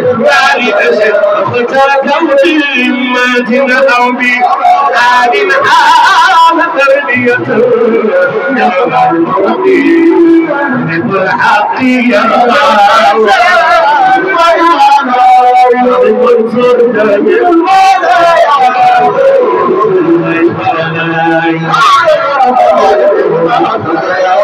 بارد أسد اختار كوني مادنا بي عالم حال تربية نعم المرضي بالحق يا Thank you.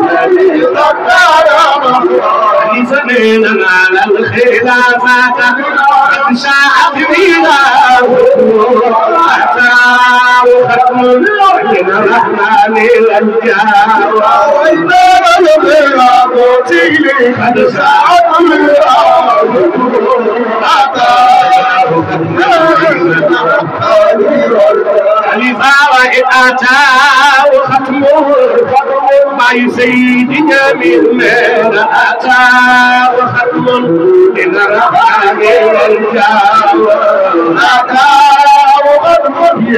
I'm قتيل قد سعد الأمر لفارق أتى وختمه مع سيدنا من من أتى وختم إن رفع من الجار أتى وختم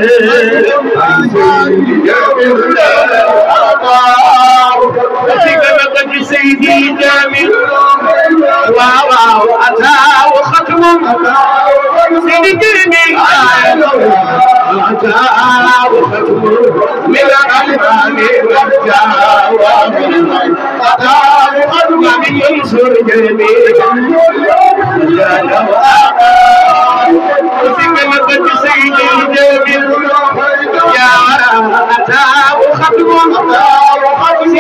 مع سيدنا من أتى وختم سيدي جميل واو أتى وختم سيدي جميل أتى وختم من الألبان والجاه أتى وختم من ينصر جميل لا لو أتى سيدي جميل يا أتى وختم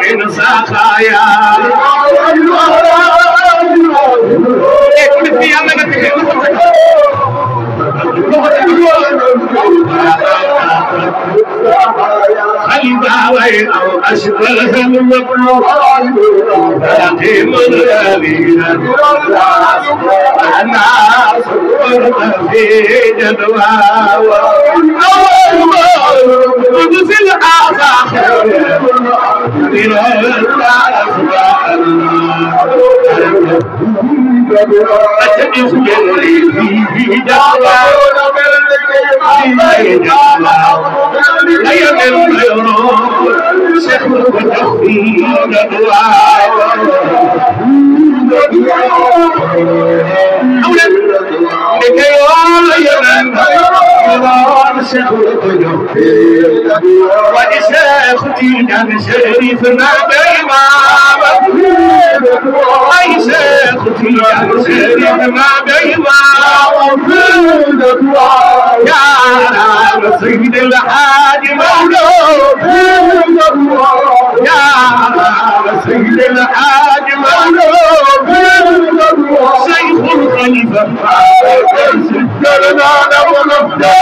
من سخايا خلباوي او اشبه المبلوغ تلقي من غالينا انا صورت في جدواوى روه تا وامسك وقلوبي ونساء شريف ما بيمام ونساء اختي دم شريف ما بيمام يا رب سيد الحاج مولود يا رب سيد الحاج مولود شيخ الخليفه سجلنا له نبدا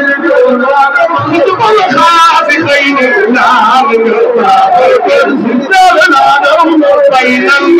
नाम तरम पैनम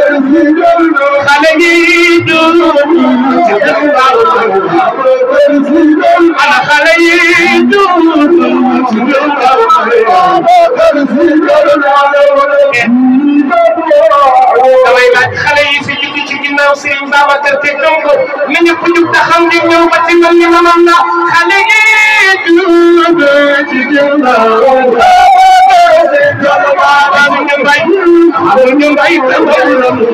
xale gi dund ci dëkk Baol ana xale yi dund ci dëkk Baol damay laaj xale yi fi jiitu ci ginnaaw Serigne Babacar te donc na ñëpp jug taxaw ngir ñëw ba ci man ni ma man la xale yi dund ci dëkk Baol بيتا وإمامي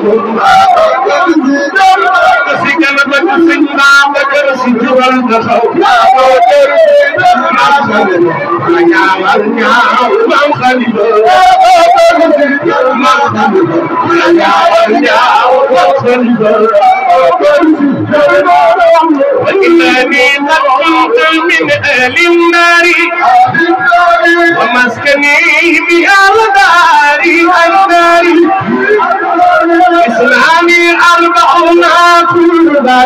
من أهل النار ومسكني بها اسلامي اربعون كل ما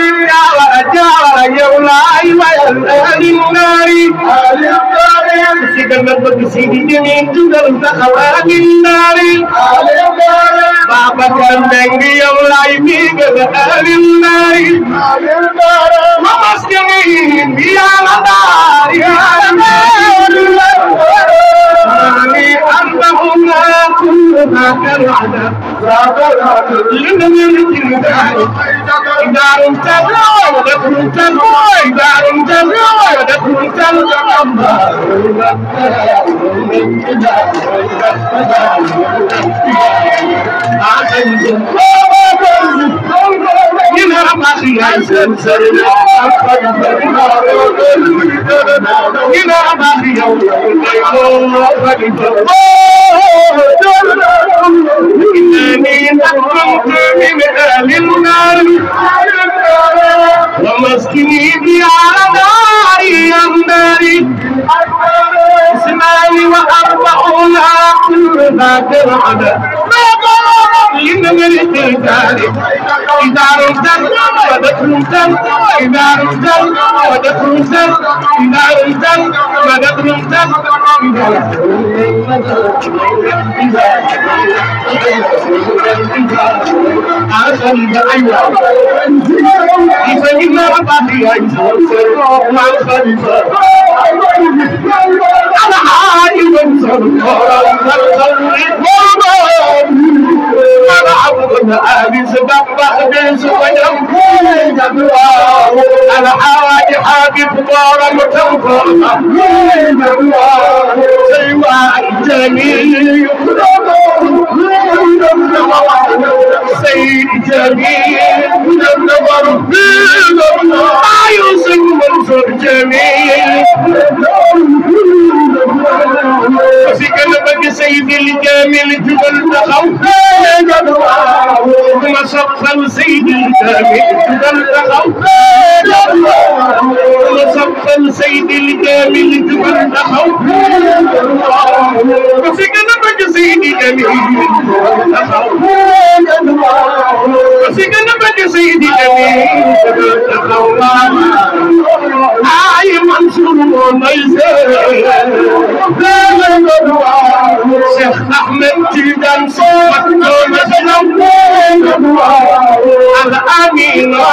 يا ورجا ورجونا أيوة أهل النار أهل النار سيدنا النبي سيدي جميل جدل تخوان النار أهل النار بابا كان دنجي يوم لا يميك أهل النار أهل النار ممسكنين يا النار يا النار ذاك الوعد كلها ترعد إذا رمزل بدت رمزل أنا عالم أنا عبد آلي سبب بحبي سبب أنا عالي حبيب دار متوفى سيوا الجميل سيد جميل ما يوصل منصور جميل ci say mil kaamil jugal taxaw jagal waaw ma saxal saydil kaamil jugal taxaw jagal waaw ma saxal saydil kaamil jugal taxaw jagal waaw ma fi gën a bëgg saydil kaamil jugal taxaw jagal waaw ma fi gën a bëgg saydil kaamil jugal taxaw ay man sunu mooy sey jagal waaw Cheikh Ahmed Tidiane Sow ak doon na sa ñoom. al Amina.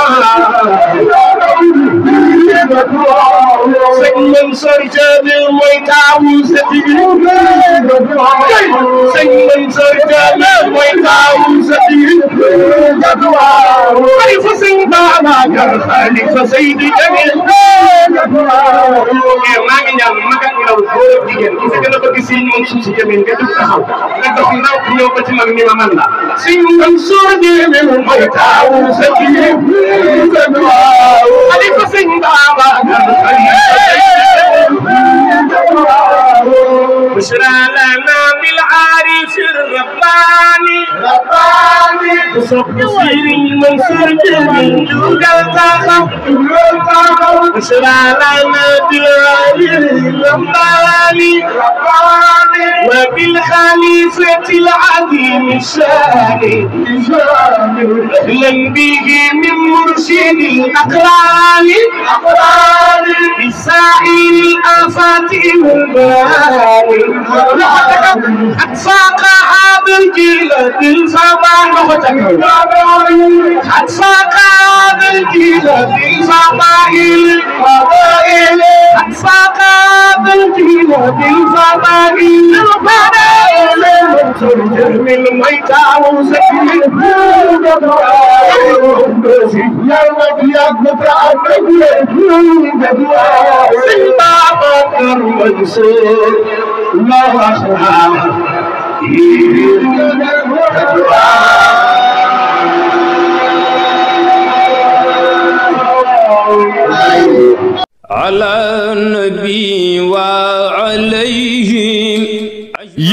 sëñ Mansoor Jamil mooy taawu sët bi sëñ Mansoor Jamil mooy taawu sët bi xalifa sëñ Babacar xalifa Seydi Jamil eh, maa ngi ñaan mag ak ndaw góor ak jigéen ki fi gën a bëgg si moom suuf si Jamil nga jóg taxaw nga dox ndaw ñëw ba ci mag ni ma man la sëñ Mansoor Jamil mooy taawu sët bi بشرى لنا بالعارف الرباني رباني بصبصير المنصور جميل جوجل طاقم بشرى لنا بالعارف الرباني رباني وبالخليفة العظيم الشاني اهلا به من مرشد الاقران بالساحل أفاتيه البال أتفاق عاب الجلد الصباح أتفاق عاب الجلد الصباح الفضائل أتفاق عاب الجلد الصباح الفضائل ترجم الميت وزكي البلد يا مديا على النبي وعليه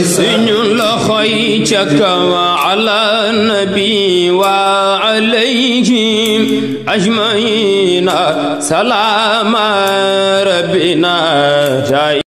سن شك وعلى النبي وعليهم أجمعين سلام ربنا جاي